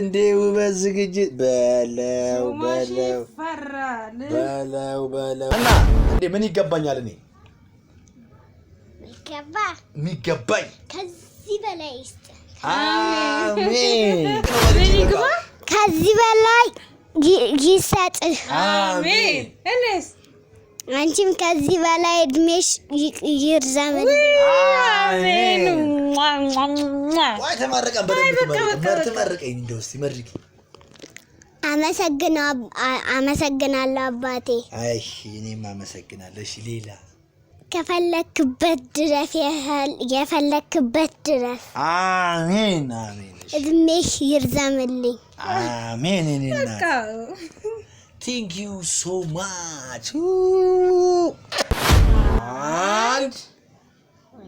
እንዴ ውበት ዝግጅት በለው በለው በለው በለው እና እንዴ ምን ይገባኛል? እኔ የሚገባኝ ከዚህ በላይ አሜን። ከዚህ በላይ ይሰጥ አሜን። አንቺም ከዚህ በላይ እድሜሽ ይርዘምልኝ። አመሰግናለሁ አባቴ። አይ እኔም አመሰግናለሁ። እሺ ሌላ ከፈለክበት ድረፍ የፈለክበት ድረፍ። አሜን አሜን። እድሜሽ ይርዘምልኝ። አሜን። Thank you so much. Woo! And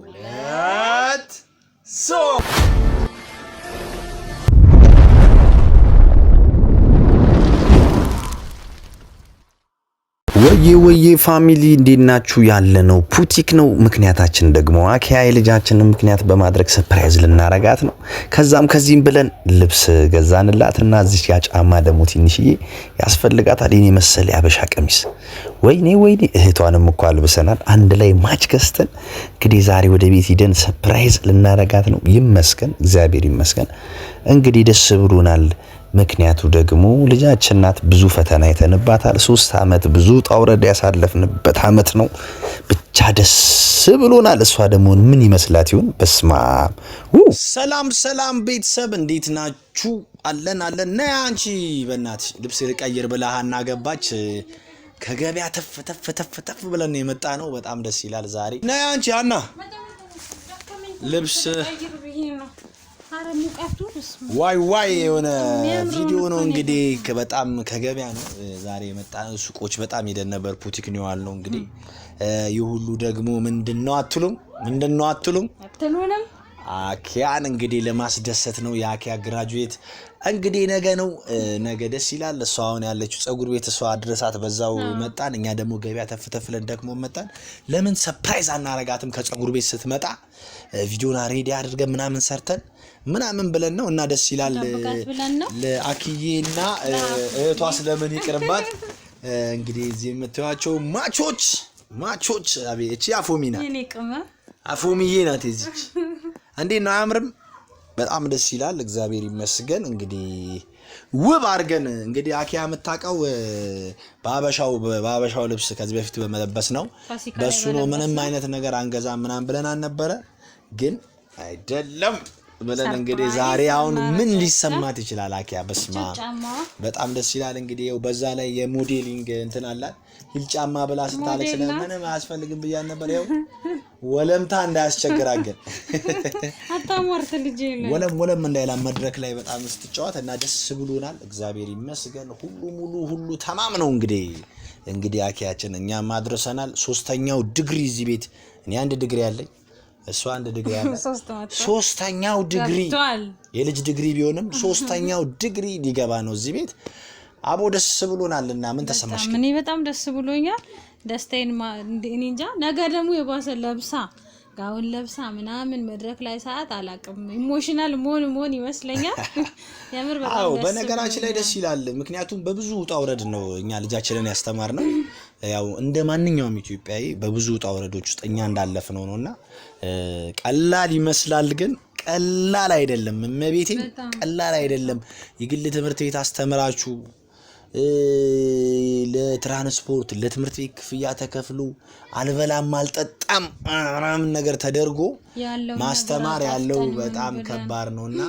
let so. ወዬ ወዬ ፋሚሊ እንዴት ናችሁ? ያለ ነው ፑቲክ ነው። ምክንያታችን ደግሞ አኪያ የልጃችንን ምክንያት በማድረግ ሰርፕራይዝ ልናረጋት ነው። ከዛም ከዚህም ብለን ልብስ ገዛንላት እና እዚህ ያጫማ ጫማ ደግሞ ትንሽዬ ያስፈልጋታል። ይህን የመሰለ ያበሻ ቀሚስ ወይኔ ወይኔ እህቷንም እኮ አልብሰናል። አንድ ላይ ማች ገዝተን እንግዲህ ዛሬ ወደ ቤት ሂደን ሰፕራይዝ ልናረጋት ነው። ይመስገን እግዚአብሔር ይመስገን። እንግዲህ ደስ ብሎናል። ምክንያቱ ደግሞ ልጃችን ናት። ብዙ ፈተና የተንባታል። ሶስት አመት ብዙ ጣውረድ ያሳለፍንበት አመት ነው። ብቻ ደስ ብሎናል። እሷ ደግሞ ምን ይመስላት ይሆን? በስማ ሰላም ሰላም፣ ቤተሰብ እንዴት ናችሁ? አለን አለን። ና አንቺ በእናትሽ ልብስ ልቀይር ብላ ሀና ገባች። ከገበያ ተፍ ተፍ ተፍ ተፍ ብለን የመጣ ነው። በጣም ደስ ይላል ዛሬ። ና አንቺ አና ልብስ ዋይ ዋይ የሆነ ቪዲዮ ነው እንግዲህ በጣም ከገበያ ነው ዛሬ የመጣ ነው። ሱቆች በጣም ሄደን ነበር። ፑቲክ ነው ያል ነው እንግዲህ ይህ ሁሉ ደግሞ ምንድን ነው አትሉም? ምንድን ነው አትሉም? አኪያን እንግዲህ ለማስደሰት ነው የአኪያ ግራጁዌት እንግዲህ ነገ ነው። ነገ ደስ ይላል። እሷ አሁን ያለችው ጸጉር ቤት እሷ አድረሳት በዛው መጣን። እኛ ደግሞ ገበያ ተፍተፍለን ደግሞ መጣን። ለምን ሰፕራይዝ አናረጋትም? ከጸጉር ቤት ስትመጣ ቪዲዮና ሬዲ አድርገን ምናምን ሰርተን ምናምን ብለን ነው እና ደስ ይላል። ለአክዬና እህቷ ስለምን ይቅርባት። እንግዲህ እዚህ የምትዋቸው ማቾች ማቾች፣ አቤ እቺ አፎሚና አፎሚዬ ናት። ዚች እንዴት ነው አያምርም? በጣም ደስ ይላል። እግዚአብሔር ይመስገን። እንግዲህ ውብ አድርገን እንግዲህ አኪያ የምታውቀው በሀበሻው ልብስ ከዚህ በፊት በመለበስ ነው። በእሱ ነው ምንም አይነት ነገር አንገዛም ምናምን ብለን አልነበረ ግን አይደለም ብለን እንግዲህ ዛሬ አሁን ምን ሊሰማት ይችላል? አኪያ በስማ በጣም ደስ ይላል። እንግዲህ በዛ ላይ የሞዴሊንግ እንትን አላት ሂል ጫማ ብላ ስታለቅ ስለምንም አያስፈልግም ብያን ነበር። ው ወለምታ እንዳያስቸግራት ግን ወለም ወለም እንዳይላ መድረክ ላይ በጣም ስትጫወት እና ደስ ብሎናል። እግዚአብሔር ይመስገን። ሁሉ ሙሉ ሁሉ ተማም ነው እንግዲህ እንግዲህ አኪያችን እኛም አድርሰናል። ሶስተኛው ድግሪ እዚህ ቤት እኔ አንድ ድግሪ ያለኝ እሱ አንድ ዲግሪ አለ። ሶስተኛው ዲግሪ የልጅ ዲግሪ ቢሆንም ሶስተኛው ዲግሪ ሊገባ ነው እዚህ ቤት። አቦ ደስ እና ምን ተሰማሽ? እኔ በጣም ደስ ብሎኛል። ደስታዬን እኔ እንጃ። ነገ ደግሞ የባሰ ለብሳ ጋውን ለብሳ ምናምን መድረክ ላይ ሰዓት አላቅም ኢሞሽናል መሆን መሆን ይመስለኛል። የምር በጣም ደስ በነገራችን ላይ ደስ ይላል። ምክንያቱም በብዙ ውጣ ውረድ ነው እኛ ልጃችንን ያስተማር ነው ያው እንደ ማንኛውም ኢትዮጵያዊ በብዙ ውጣ ውረዶች ውስጥ እኛ እንዳለፍ ነው እና ቀላል ይመስላል፣ ግን ቀላል አይደለም። እመቤቴ ቀላል አይደለም። የግል ትምህርት ቤት አስተምራችሁ ለትራንስፖርት ለትምህርት ቤት ክፍያ ተከፍሎ አልበላም አልጠጣም ምናምን ነገር ተደርጎ ማስተማር ያለው በጣም ከባድ ነው እና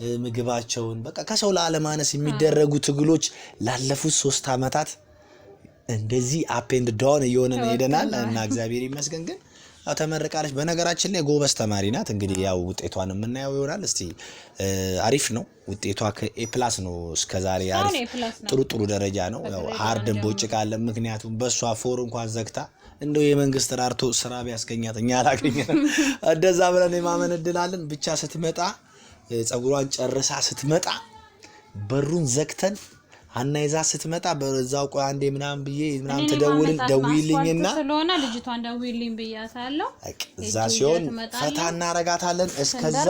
ምግባቸውን በቃ ከሰው ለአለማነስ የሚደረጉ ትግሎች ላለፉት ሶስት ዓመታት እንደዚህ አፔንድ ዳውን እየሆነ ሄደናል እና እግዚአብሔር ይመስገን ግን ተመርቃለች። በነገራችን ላይ ጎበዝ ተማሪ ናት። እንግዲህ ያው ውጤቷን የምናየው ይሆናል። እስቲ አሪፍ ነው ውጤቷ ከኤ ፕላስ ነው እስከዛሬ አሪፍ ጥሩ ጥሩ ደረጃ ነው። ያው ሀርድን ካለ ምክንያቱም በእሷ ፎር እንኳን ዘግታ እንደው የመንግስት ራርቶ ስራ ቢያስገኛት እኛ አላገኘ እንደዛ ብለን የማመን እድላለን። ብቻ ስትመጣ ጸጉሯን ጨርሳ ስትመጣ በሩን ዘግተን ሀና ይዛ ስትመጣ በዛው ቆይ አንዴ ምናምን ብዬ ምናምን ትደውል ደውይልኝና ስለሆነ ልጅቷን ደውይልኝ ብያታለሁ። እዛ ሲሆን ፈታ እናረጋታለን። እስከዛ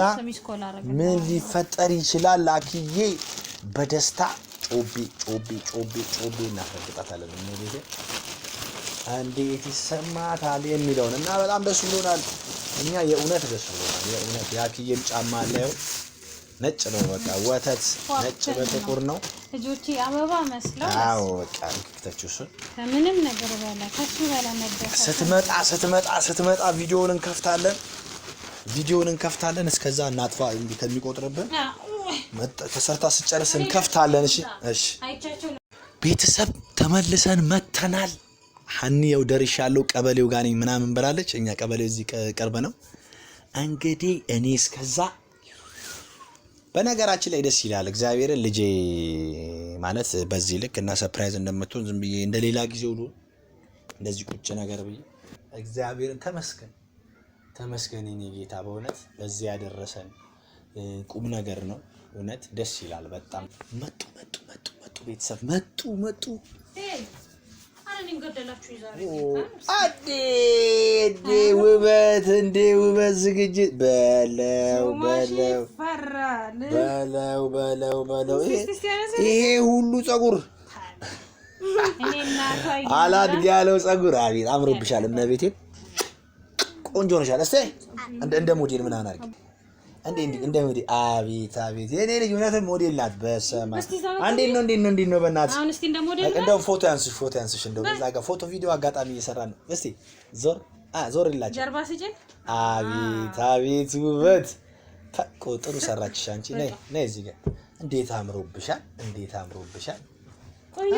ምን ሊፈጠር ይችላል? አክዬ በደስታ ጮቤ ጮቤ ጮቤ ጮቤ እናፈግጣታለን። እነዚህ እንዴት ይሰማታል የሚለውን እና በጣም ደስ ብሎናል። እኛ የእውነት ደስ ብሎናል። የእውነት የአክዬም ጫማ አለው ነጭ ነው። በቃ ወተት ነጭ በጥቁር ነው። ልጆቼ አበባ መስለው አዎ፣ በቃ ልክተች እሱን ከምንም ነገር በላ ከሱ በላ ነበር። ስትመጣ ስትመጣ ስትመጣ ቪዲዮውን እንከፍታለን፣ ቪዲዮውን እንከፍታለን። እስከዛ እናጥፋ እንዲ ከሚቆጥርብን ተሰርታ ስጨርስ እንከፍታለን። እሺ፣ እሺ። ቤተሰብ ተመልሰን መተናል። ሀኒ ያው ደርሻለሁ፣ ቀበሌው ጋር ነኝ ምናምን ብላለች። እኛ ቀበሌው እዚህ ቅርብ ነው። እንግዲህ እኔ እስከዛ በነገራችን ላይ ደስ ይላል። እግዚአብሔርን ልጄ ማለት በዚህ ልክ እና ሰፕራይዝ እንደምትሆን ዝም ብዬ እንደ ሌላ ጊዜ ሁሉ እንደዚህ ቁጭ ነገር ብዬ እግዚአብሔርን ተመስገን ተመስገን የኔ ጌታ በእውነት በዚህ ያደረሰን ቁም ነገር ነው። እውነት ደስ ይላል በጣም መጡ መጡ መጡ መጡ ቤተሰብ መጡ መጡ አዴ ውበት እንዴ ውበት ዝግጅት በለው በለው በለው በለው በለው ይሄ ሁሉ ጸጉር አላድግ ያለው ጸጉር አቤት አምሮብሻል። እመቤቴ ቆንጆ ነሻል። እስኪ እንደ ሞዴል ምናምን አድርጊ እንዴ እንዴ! አቤት አቤት! የኔ ልጅ እውነትም ሞዴል ናት። በሰማ አንዴ ነው እንዴ ነው እንዴ ነው! በእናትሽ እንደው ፎቶ ያንስሽ፣ ፎቶ ያንስሽ። እንደው በዛ ጋር ፎቶ ቪዲዮ አጋጣሚ እየሰራ ነው። እስቲ ዞር አ ዞር ይላችሁ። አቤት አቤት ውበት! ታቆ ጥሩ ሰራችሽ አንቺ። ነይ ነይ እዚህ ጋር። እንዴት አምሮብሻል! እንዴት አምሮብሻል! ቆይ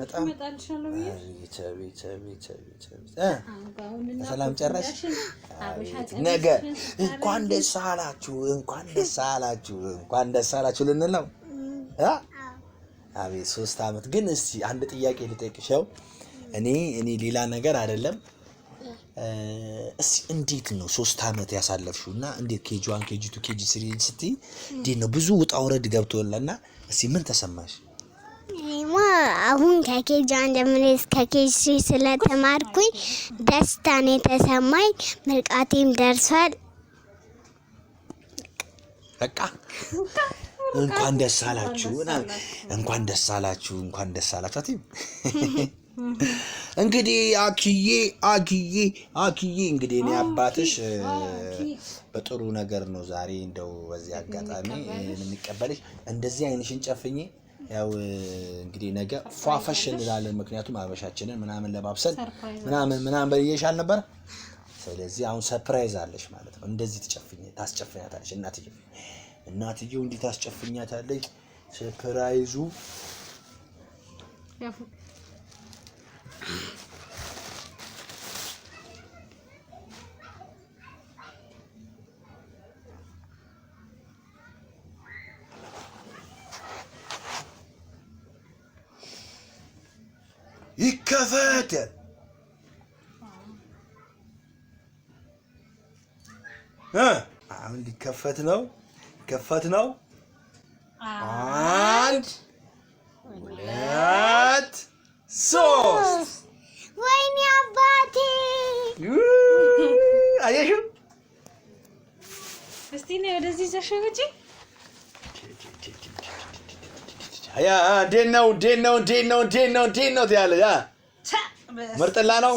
በጣም ጨረሽ። ነገ እንኳን ደስ አላችሁ፣ እንኳን ደስ አላችሁ፣ እንኳን ደስ አላችሁ ልንል አቤት ሶስት ዓመት ግን፣ እስቲ አንድ ጥያቄ ልጠይቅሽው። እኔ እኔ ሌላ ነገር አይደለም። እስቲ እንዴት ነው ሶስት ዓመት ያሳለፍሽው እና እንዴት ኬጂ ዋን ኬጂ ቱ ኬጂ ስሪ ስትይ እንዴት ነው ብዙ ውጣ ውረድ ገብቶልና፣ እስቲ ምን ተሰማሽ? ደግሞ አሁን ከኬጅ አንድ ጀምሬ እስከ ኬጅ ስሪ ስለተማርኩኝ ደስታ ነው የተሰማኝ። ምርቃቴም ደርሷል። በቃ እንኳን ደስ አላችሁ፣ እንኳን ደስ አላችሁ፣ እንኳን ደስ አላችሁ። እንግዲህ አኪዬ አኪዬ አኪዬ እንግዲህ እኔ አባትሽ በጥሩ ነገር ነው ዛሬ እንደው በዚህ አጋጣሚ የምንቀበልሽ እንደዚህ አይንሽን ጨፍኜ ያው እንግዲህ ነገ ፏፈሽ እንላለን። ምክንያቱም አበሻችንን ምናምን ለማብሰል ምናምን ምናምን በየሻል ነበር። ስለዚህ አሁን ሰርፕራይዝ አለሽ ማለት ነው። እንደዚህ ትጨፍኝ ታስጨፍኛታለሽ። እናትዬው እናትዬው እንዲህ ታስጨፍኛታለሽ። ሰርፕራይዙ ከፈተ። አሁን ሊከፈት ነው። ከፈት ነው። አንድ ሁለት ሶስት። ወይኔ አባቴ አየሽው። እስቲ ነይ ወደዚህ ዘሸጉጂ። ያ እንዴት ነው እንዴት ነው እንዴት ነው እንዴት ነው እንዴት ነው ትያለሽ። ምርጥላ ነው።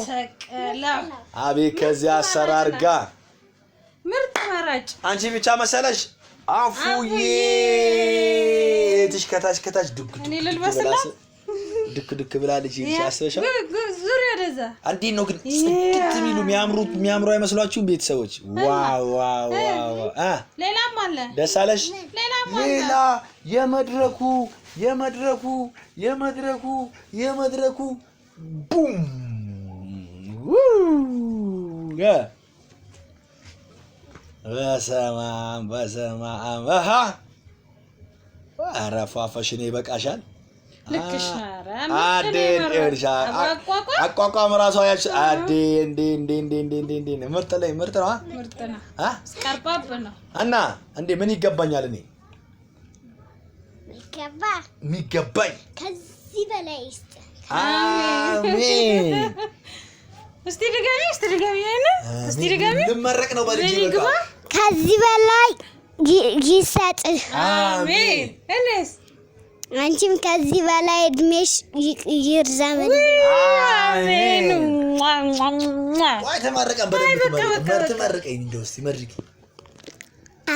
አቤት ከዚህ አሰራር ጋር ምርጥ መራጭ አንቺ ብቻ መሰለሽ። አፉዬ እህትሽ ከታች ከታች ዱክ ዱክ ዱክ ብላለች። አስበሻ ዙሪያ ወደዛ እንዴት ነው ግን ጽድት የሚሉ የሚያምሩት የሚያምሩ አይመስሏችሁም? ቤተሰቦች ዋው ዋው ዋው! ሌላም አለ ደስ አለሽ። ሌላ የመድረኩ የመድረኩ የመድረኩ የመድረኩ ቡም በሰማ በሰማ ኧረ ይበቃሻል። አቋቋም እራሱ አያች ምርጥ ላይ ምርጥ ነው እና እንዴ ምን ይገባኛል? እኔ የሚገባኝ ከዚህ በላይ አሜን። እስቲ ድጋሚ እስቲ ድጋሚ እስቲ ድጋሚ ልመረቅ ነው ባልጂ ይግባ ከዚህ በላይ ይሰጥ አሜን። እኔስ አንቺም ከዚህ በላይ እድሜሽ ይርዘምልሽ። አሜን።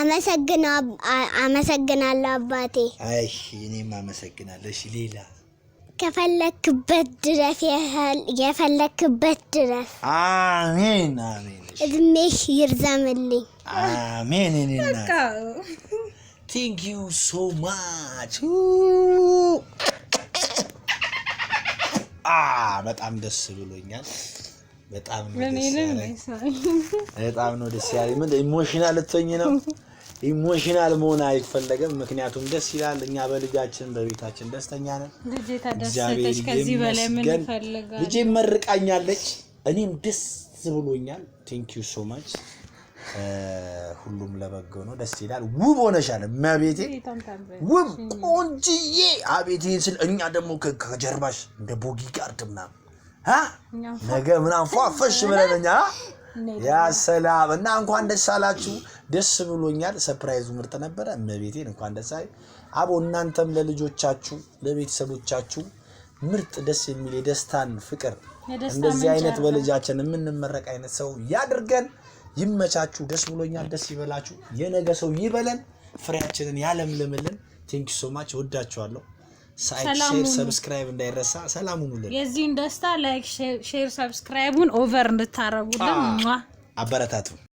ወይ አመሰግናለሁ አባቴ። አይ እኔም አመሰግናለሁ። እሺ ሌላ ከፈለክበት ድረስ የፈለክበት ድረስ። አሜን አሜን። እድሜሽ ይርዘምልኝ። አሜን። እኔና ቲንክ ዩ ሶ ማች። በጣም ደስ ብሎኛል። በጣም ነው ደስ ያለኝ። በጣም ነው ደስ ያለኝ። ምን ኢሞሽናል ልትሆኝ ነው? ኢሞሽናል መሆን አይፈለገም። ምክንያቱም ደስ ይላል። እኛ በልጃችን በቤታችን ደስተኛ ነን። እግዚአብሔር ልጄ መርቃኛለች፣ እኔም ደስ ብሎኛል። ቴንክ ዩ ሶ ማች። ሁሉም ለበጎ ነው። ደስ ይላል። ውብ ሆነሻል መቤቴ፣ ውብ ቆንጅዬ። አቤቴ ስል እኛ ደግሞ ከጀርባሽ እንደ ቦጊ ጋርድ ምናምን ነገ ምናምን ፏፈሽ ብለንኛ ያ ሰላም እና እንኳን ደስ አላችሁ። ደስ ብሎኛል። ሰፕራይዙ ምርጥ ነበረ። እመቤቴን እንኳን ደስ አቦ። እናንተም ለልጆቻችሁ ለቤተሰቦቻችሁ ምርጥ ደስ የሚል የደስታን ፍቅር እንደዚህ አይነት በልጃችን የምንመረቅ አይነት ሰው ያድርገን። ይመቻችሁ። ደስ ብሎኛል። ደስ ይበላችሁ። የነገ ሰው ይበለን። ፍሬያችንን ያለምልምልን። ሶ ማች። ወዳችኋለሁ። ሼር ሰብስክራይብ እንዳይረሳ። ሰላም ሁኑልን። የዚህን ደስታ ላይክ፣ ሼር፣ ሰብስክራይቡን ኦቨር እንድታረጉልን አበረታቱ።